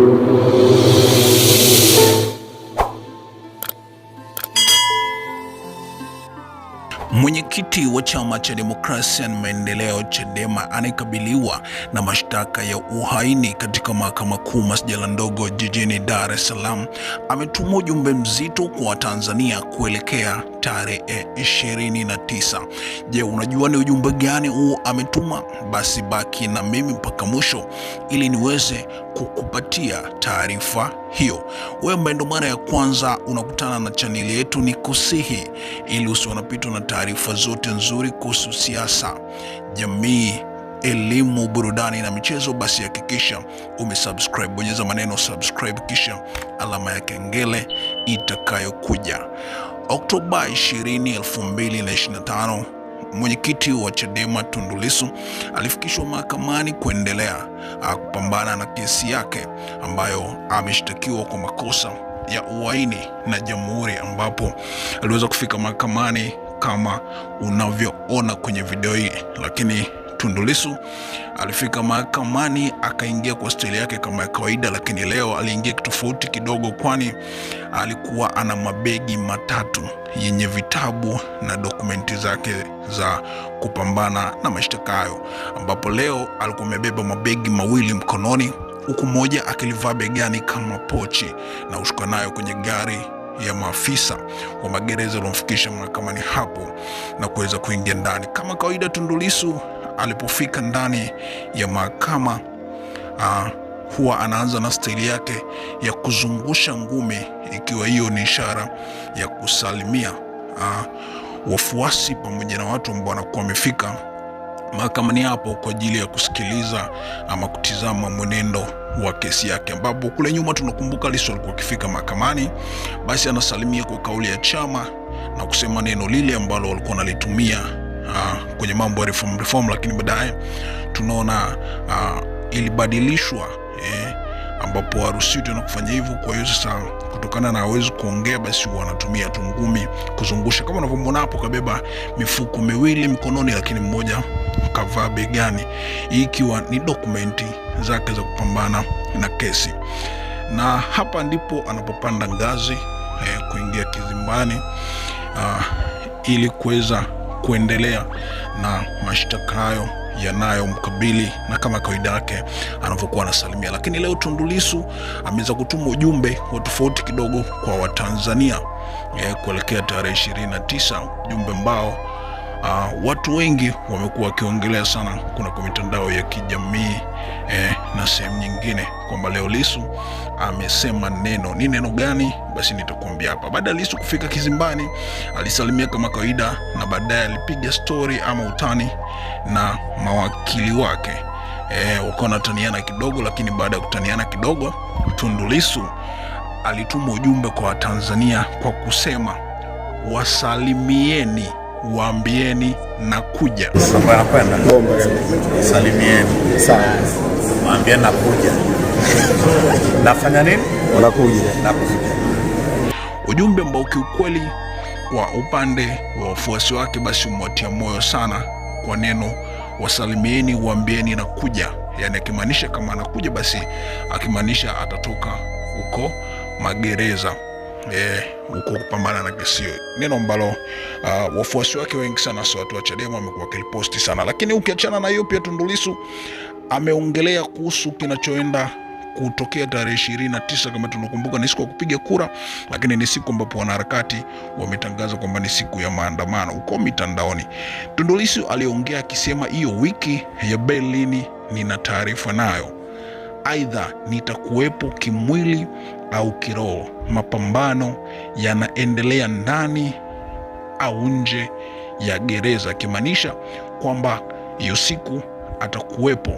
Senhor. mwenyekiti wa chama cha demokrasia na maendeleo Chadema anayekabiliwa na mashtaka ya uhaini katika mahakama kuu masjala ndogo jijini Dar es Salaam ametuma ujumbe mzito kwa Watanzania kuelekea tarehe 29. Je, unajua ni ujumbe gani huu ametuma? Basi baki na mimi mpaka mwisho ili niweze kukupatia taarifa hiyo. Wewe ambaye ndo mara ya kwanza unakutana na chaneli yetu, ni kusihi ili usiwe unapitwa na taarifa zote nzuri kuhusu siasa, jamii elimu, burudani na michezo, basi hakikisha umesubscribe. Bonyeza maneno subscribe, kisha alama ya kengele itakayokuja. Oktoba 20, 2025 Mwenyekiti wa Chadema Tundu Lissu alifikishwa mahakamani kuendelea ah, kupambana na kesi yake ambayo ameshtakiwa kwa makosa ya uhaini na jamhuri, ambapo aliweza kufika mahakamani kama unavyoona kwenye video hii, lakini tundulisu alifika mahakamani akaingia kwa staili yake kama ya kawaida, lakini leo aliingia kitofauti kidogo, kwani alikuwa ana mabegi matatu yenye vitabu na dokumenti zake za kupambana na mashtaka hayo, ambapo leo alikuwa amebeba mabegi mawili mkononi, huku moja akilivaa begani kama pochi na ushuka nayo kwenye gari ya maafisa wa magereza waliomfikisha mahakamani hapo na kuweza kuingia ndani kama kawaida. Tundu Lissu alipofika ndani ya mahakama uh, huwa anaanza na staili yake ya kuzungusha ngumi, ikiwa hiyo ni ishara ya kusalimia uh, wafuasi pamoja na watu ambao wanakuwa wamefika mahakamani hapo kwa ajili ya kusikiliza ama kutizama mwenendo wa kesi yake, ambapo kule nyuma tunakumbuka Lissu alikuwa akifika mahakamani, basi anasalimia kwa kauli ya chama na kusema neno lile ambalo walikuwa wanalitumia uh, kwenye mambo ya reform reform, lakini baadaye tunaona uh, ilibadilishwa eh, ambapo haruhusiwi tena kufanya hivyo. Kwa hiyo sasa, kutokana na hawezi kuongea, basi wanatumia tu ngumi kuzungusha, kama unavyomwona hapo, kabeba mifuko miwili mkononi lakini mmoja kavaa begani, hii ikiwa ni dokumenti zake za kupambana na kesi, na hapa ndipo anapopanda ngazi eh, kuingia kizimbani uh, ili kuweza kuendelea na mashtaka hayo yanayomkabili na kama kawaida yake anavyokuwa anasalimia. Lakini leo Tundu Lissu ameweza kutuma ujumbe wa tofauti kidogo kwa Watanzania eh, kuelekea tarehe 29 ujumbe ambao uh, watu wengi wamekuwa wakiongelea sana kuna kwa mitandao ya kijamii eh, na sehemu nyingine kwamba leo Lisu amesema neno. Ni neno gani? Basi nitakuambia hapa. Baada ya Lisu kufika Kizimbani, alisalimia kama kawaida, na baadaye alipiga stori ama utani na mawakili wake eh, wakawa wanataniana kidogo, lakini baada ya kutaniana kidogo, Tundu Lisu alituma ujumbe kwa Watanzania kwa kusema wasalimieni waambieni na kuja. Salimieni, waambieni na kuja. Nafanya nini? Nakuja. Ujumbe ambao kiukweli kwa upande wa wafuasi wake basi umewatia moyo sana kwa neno wasalimieni, waambieni na kuja, yaani akimaanisha kama anakuja basi akimaanisha atatoka huko magereza eh, huko kupambana na hiyo, neno ambalo uh, wafuasi wake wengi sana sio watu wa Chadema wamekuwa wakiliposti sana. Lakini ukiachana na hiyo, pia Tundulisu ameongelea kuhusu kinachoenda kutokea tarehe 29 kama tunakumbuka, ni siku ya kupiga kura, lakini ni siku ambapo wanaharakati wametangaza kwamba ni siku ya maandamano huko mitandaoni. Tundulisu aliongea akisema, hiyo wiki ya Berlin nina taarifa nayo, aidha nitakuwepo kimwili au kiroho. Mapambano yanaendelea ndani au nje ya gereza, akimaanisha kwamba hiyo siku atakuwepo.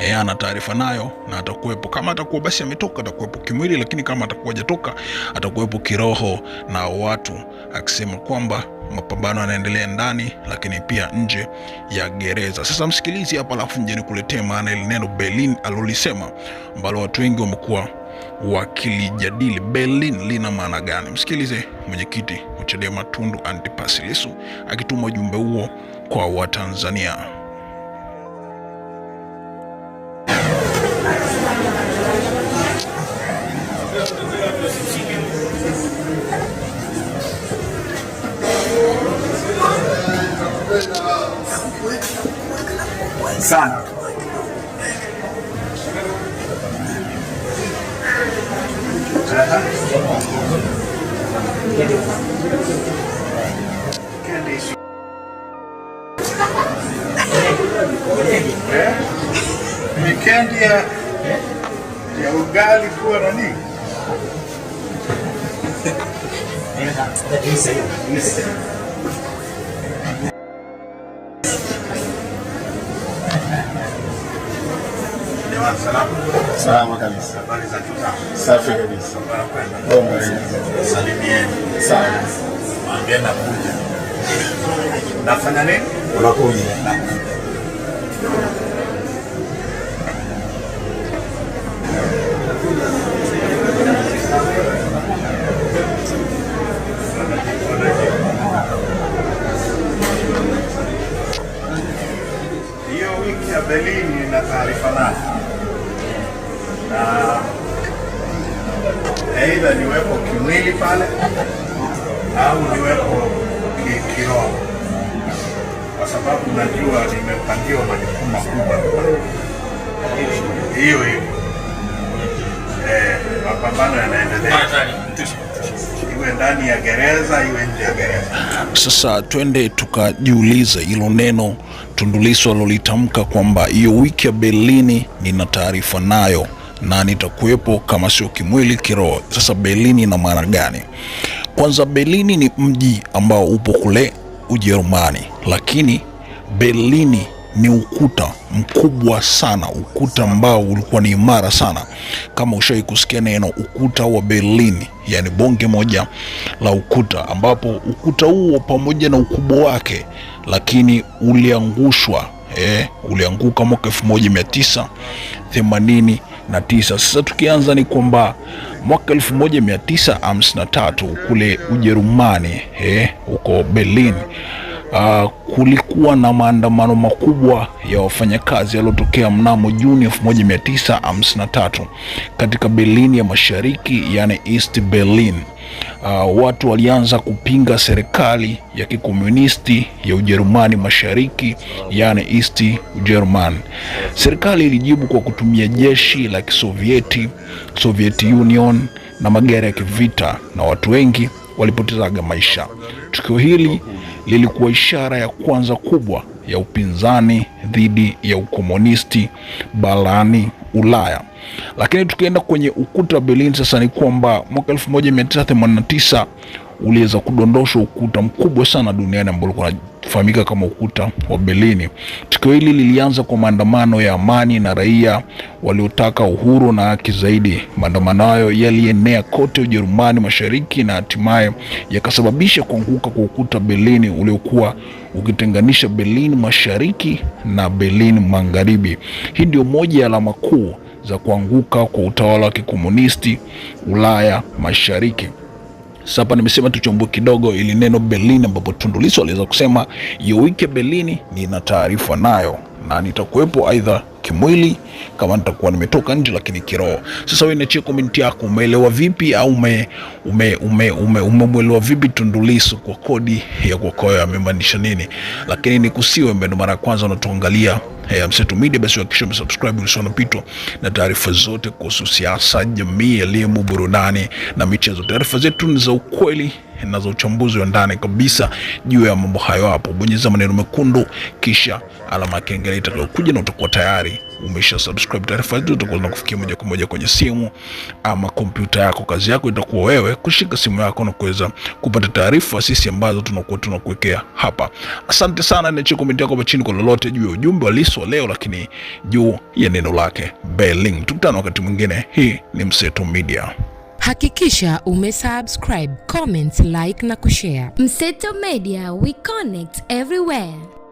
E, ana taarifa nayo na atakuwepo. Kama atakuwa basi ametoka, atakuwepo kimwili, lakini kama atakuwa hajatoka, atakuwepo kiroho na watu, akisema kwamba mapambano yanaendelea ndani lakini pia nje ya gereza. Sasa msikilizi hapa, alafu nje nikuletee maana ile neno Berlin alolisema ambalo watu wengi wamekuwa wakilijadili Berlin lina maana gani. Msikilize mwenyekiti wa Chadema Tundu Antipas Lissu akituma ujumbe huo kwa Watanzania. sana Mikendi ya ya ugali kuwa nani? Salama kabisa. Habari za kitabu. Safi kabisa. Bomba. Salimieni. Sawa. Mwambie nakuja. Nafanya nini? Unakuja. niwepo kiroho, kwa sababu najua nimepangiwa majukumu makubwa. Hiyo hiyo eh, mapambano yanaendelea, iwe ndani ya gereza, iwe nje ya gereza. Sasa twende tukajiulize hilo neno Tundu Lissu alolitamka kwamba hiyo wiki ya Berlini nina taarifa nayo na nitakuwepo kama sio kimwili, kiroho. Sasa Berlini ina maana gani? Kwanza Berlini ni mji ambao upo kule Ujerumani, lakini Berlini ni ukuta mkubwa sana, ukuta ambao ulikuwa ni imara sana. Kama ushawahi kusikia neno ukuta wa Berlini, yani bonge moja la ukuta, ambapo ukuta huo pamoja na ukubwa wake, lakini uliangushwa eh, ulianguka mwaka 1980 na tisa. Sasa tukianza ni kwamba mwaka elfu 1953 kule Ujerumani eh, huko Berlin uh, kulikuwa na maandamano makubwa ya wafanyakazi yaliyotokea mnamo Juni 1953 katika Berlin ya Mashariki, yani East Berlin. Uh, watu walianza kupinga serikali ya kikomunisti ya Ujerumani Mashariki, yani East Ujerumani. Serikali ilijibu kwa kutumia jeshi la Kisovieti, Soviet Union na magari ya kivita, na watu wengi walipotezaga maisha. Tukio hili lilikuwa ishara ya kwanza kubwa ya upinzani dhidi ya ukomunisti barani Ulaya. Lakini tukienda kwenye ukuta wa Berlin sasa, ni kwamba mwaka 1989 uliweza kudondosha ukuta mkubwa sana duniani ambao ulikuwa unafahamika kama ukuta wa Berlin. Tukio hili lilianza kwa maandamano ya amani na raia waliotaka uhuru na haki zaidi. Maandamano hayo yalienea kote Ujerumani Mashariki na hatimaye yakasababisha kuanguka kwa ukuta Berlin uliokuwa ukitenganisha Berlin Mashariki na Berlin Magharibi. Hii ndio moja ya alama kuu za kuanguka kwa utawala wa kikomunisti Ulaya Mashariki. Sasa hapa nimesema tuchambue kidogo ili neno Berlin, ambapo Tundu Lissu aliweza kusema iwike Berlin, nina taarifa nayo na nitakuwepo aidha kimwili kama nitakuwa nimetoka nje, lakini kiroho. Sasa wewe niachie komenti yako, umeelewa vipi au umemwelewa ume, ume, ume vipi Tundu Lissu kwa kodi ya Kokoyo amemaanisha nini? Lakini nikusiwe ndo mara ya kwanza unatuangalia Hey, eh, Mseto Media basi hakikisha umesubscribe ili usione pito na taarifa zote kuhusu siasa, jamii, elimu, burudani na michezo. Taarifa zetu ni za ukweli na za uchambuzi wa ndani kabisa juu ya mambo hayo. Hapo bonyeza maneno mekundu, kisha alama ya kengele itakayokuja, na utakuwa tayari umesha subscribe. Taarifa hizo zitakuwa zinakufikia moja kwa moja kwenye simu ama kompyuta yako. Kazi yako itakuwa wewe kushika simu yako na kuweza kupata taarifa sisi ambazo tunakuwa tunakuwekea hapa. Asante sana, niachie komenti yako chini kwa lolote juu ya ujumbe wa Lissu leo, lakini juu ya neno lake Berlin. Tukutane wakati mwingine. Hii ni Mseto Media. Hakikisha ume subscribe comment, like na kushare. Mseto Media, we connect everywhere.